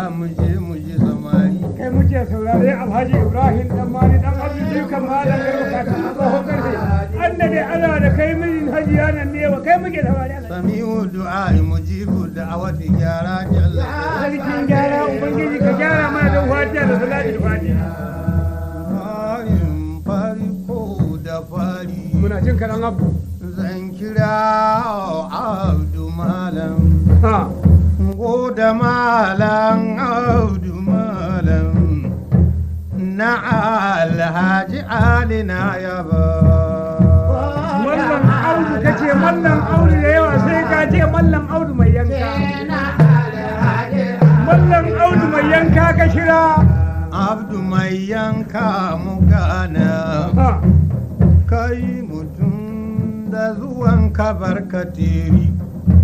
ya muje muje samari kai muke saurare alhaji ibrahim dan mari dan abin dukan malam da bukatu tsoho karfe annabi ana da kai mijin hajiya nan ne wa kai muke saurare sami'u du'a'i mujibu da'awati gyara ah, jalla sarkin gyara ubangiji ka gyara ma da fatiha da salati da fatiha fari muna cin karan abu zan kira abdu malam ha da malam audu malam na alhaji ali na yaba wannan audu ka ce mallam audu da yawa sai ka je mallam audu mai yanka mallam audu mai yanka ka shira abdu mai yanka mu gana kai mutum da zuwan kabar katiri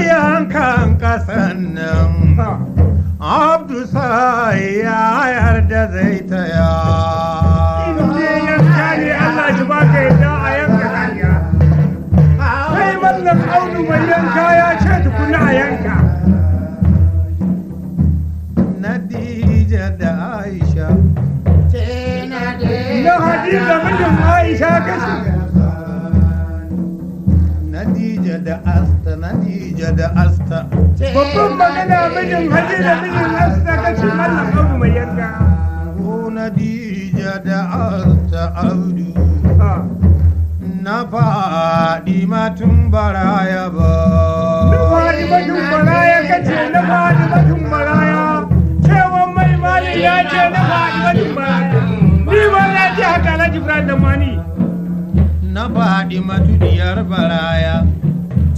yankan kasan nan abdu ya yarda zai taya Allah shi ba ka yadda a yanka kariya Kai mallam audu mai yanka ya ce tukuna a yanka Nadija da Aisha Na Hadiza mijin Aisha kashi Nadija da Asa nadija da asta babban magana mijin haji da mijin asta kace mallam abu mai yanka ko nadija da asta audu na faɗi matun baraya ba na faɗi matun baraya kace na faɗi matun baraya cewa mai mali ya ce na faɗi matun baraya ni ba na ji haka alhaji ibrahim da mani na faɗi matudiyar baraya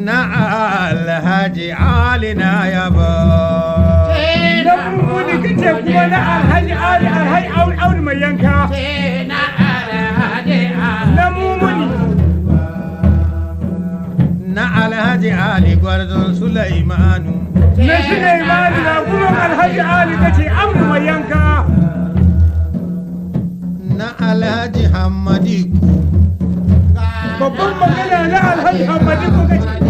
na alhaji ali na yabo na kuma likita kuma na alhaji ali alhaji auri mai yanka na mumuni na alhaji ali gwarzon sulaimanu na sulaimanu na alhaji ali mai yanka na alhaji hamadiku babban magana na alhaji hamadiku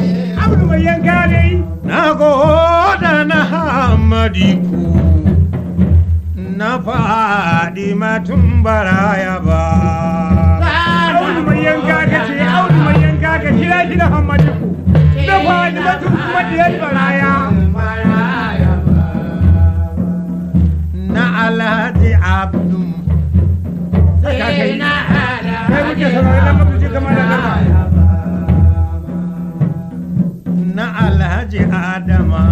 Abdu Na goda na Na faɗi matun baraya ba. Audu mai yanka ka ce, Audu mai yanka ka kira shi da Hamadiku. Na faɗi matun kuma diyar baraya. Na Alhaji Abdu. Sai eh, na Alhaji Abdu. Sai na kamar da gaba. na alhaji adama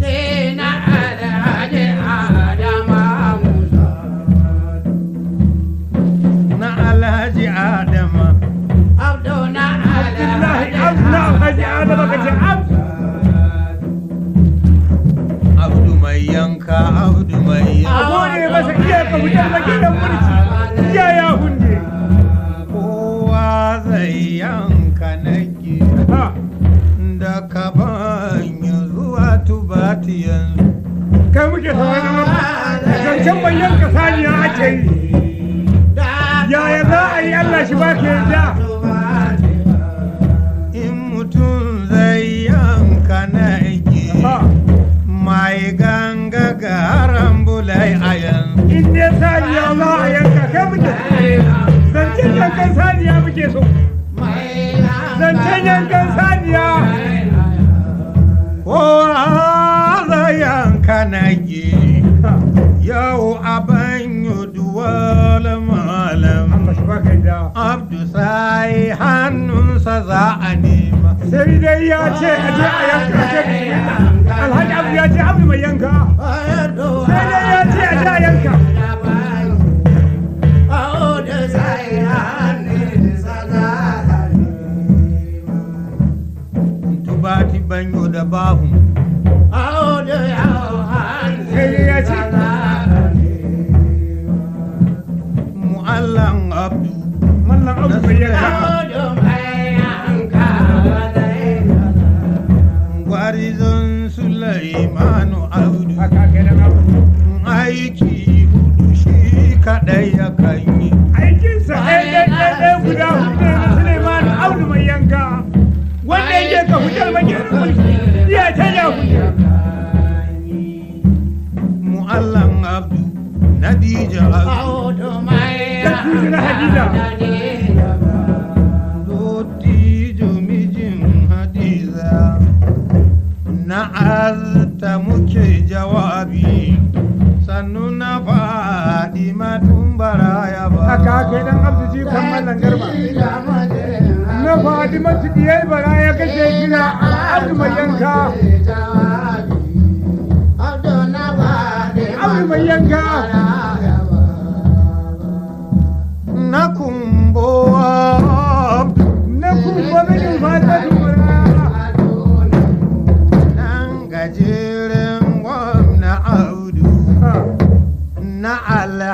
sai na alhaji adama musa na alhaji adama abdo na alhaji adama abdu mai yanka abdu mai yanka abu ne iya ka fitar da gidan wai yanka saniya ake yi yaya za a yi allah shi ba ke yarda in mutum zai yanka na igi mai ganga ga harambulai a yanzu in ne saniya za a yanka kai muke zancen yankan saniya muke so dangi yau a banyo duwal malam abdu sai hannunsa za a nema sai dai ya ce a je a yanka alhaji abu ya ce abu mai yanka sai dai ya ce a je a yanka Tubati banyo da bahun limanu audu aiki hudu shi kadai ya kan yi aikinsa ɗaya guda hudu na sulemanu audu mai yanka wanda yake ka hujjar magirin mulki ya ta da hujjar mu'allan abdu nadija abdu ta tuzi na hadiza dotijo mijin hadiza na'az ta muke jawabi sannu na faɗi matun baraya ba. A ka kai dan abdiji kan mallan garba. Na faɗi matu ɗiyar baraya kake gina a mai yanka.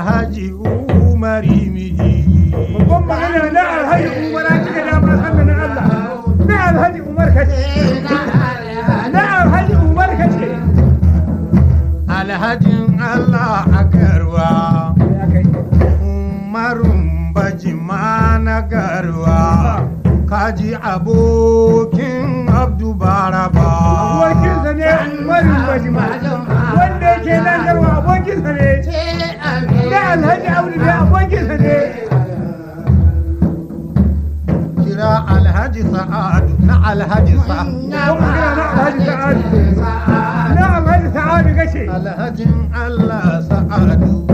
alhaji umari miji babban magana na alhaji umar ake da dama sanna Allah na alhaji umar kace na alhaji umar kace alhajin Allah a garwa umarun bajima na garwa kaji abokin abdu baraba wakil ne umarun bajima sa'adu na alhaji sa'adu na alhaji sa'adu alhajin allah sa'adu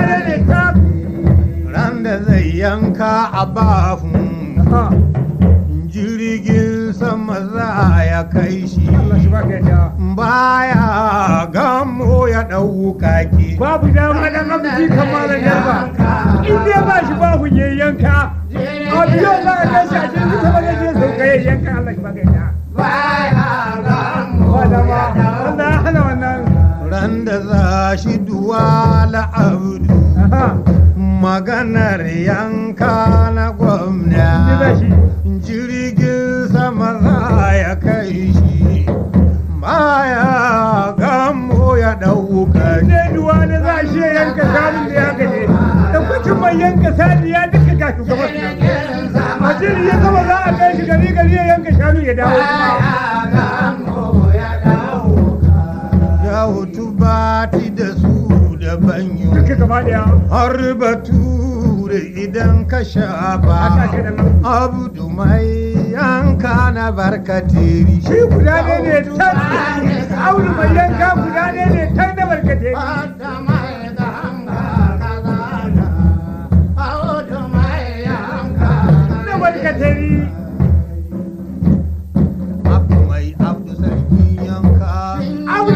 dare da zai yanka a bahun jirgin sama za ya kai shi baya gamo ya ɗauka ke babu dama da mamji kamar da in inda ba shi ba ku yi yanka a biyo ba a gashi a jirgin sama da ke sauka ya yanka Allah shi ba gaida baya gamo ya ɗauka ke ran za rashidu wala abudu maganar yanka na gwamna jirgin sama za ya kai shi baya gamo ya ɗauka ne duwa na za shi yanka samun da ya gaje da kucin mai yanka sani ya duka ga shugaban a jirgin sama za a kai shi gari gari ya yanka shanu ya dawo da banyo har bature idan ka shafa abu mai yanka na barkateri shi guda ne ne ta auri mai yanka guda ne ne tan da barkateri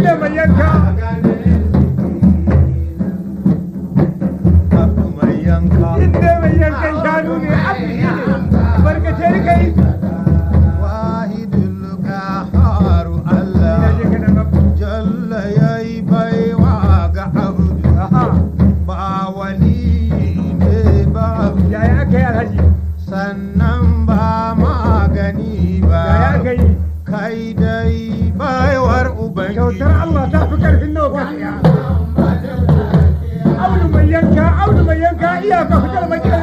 I am a young car. వికలమైతే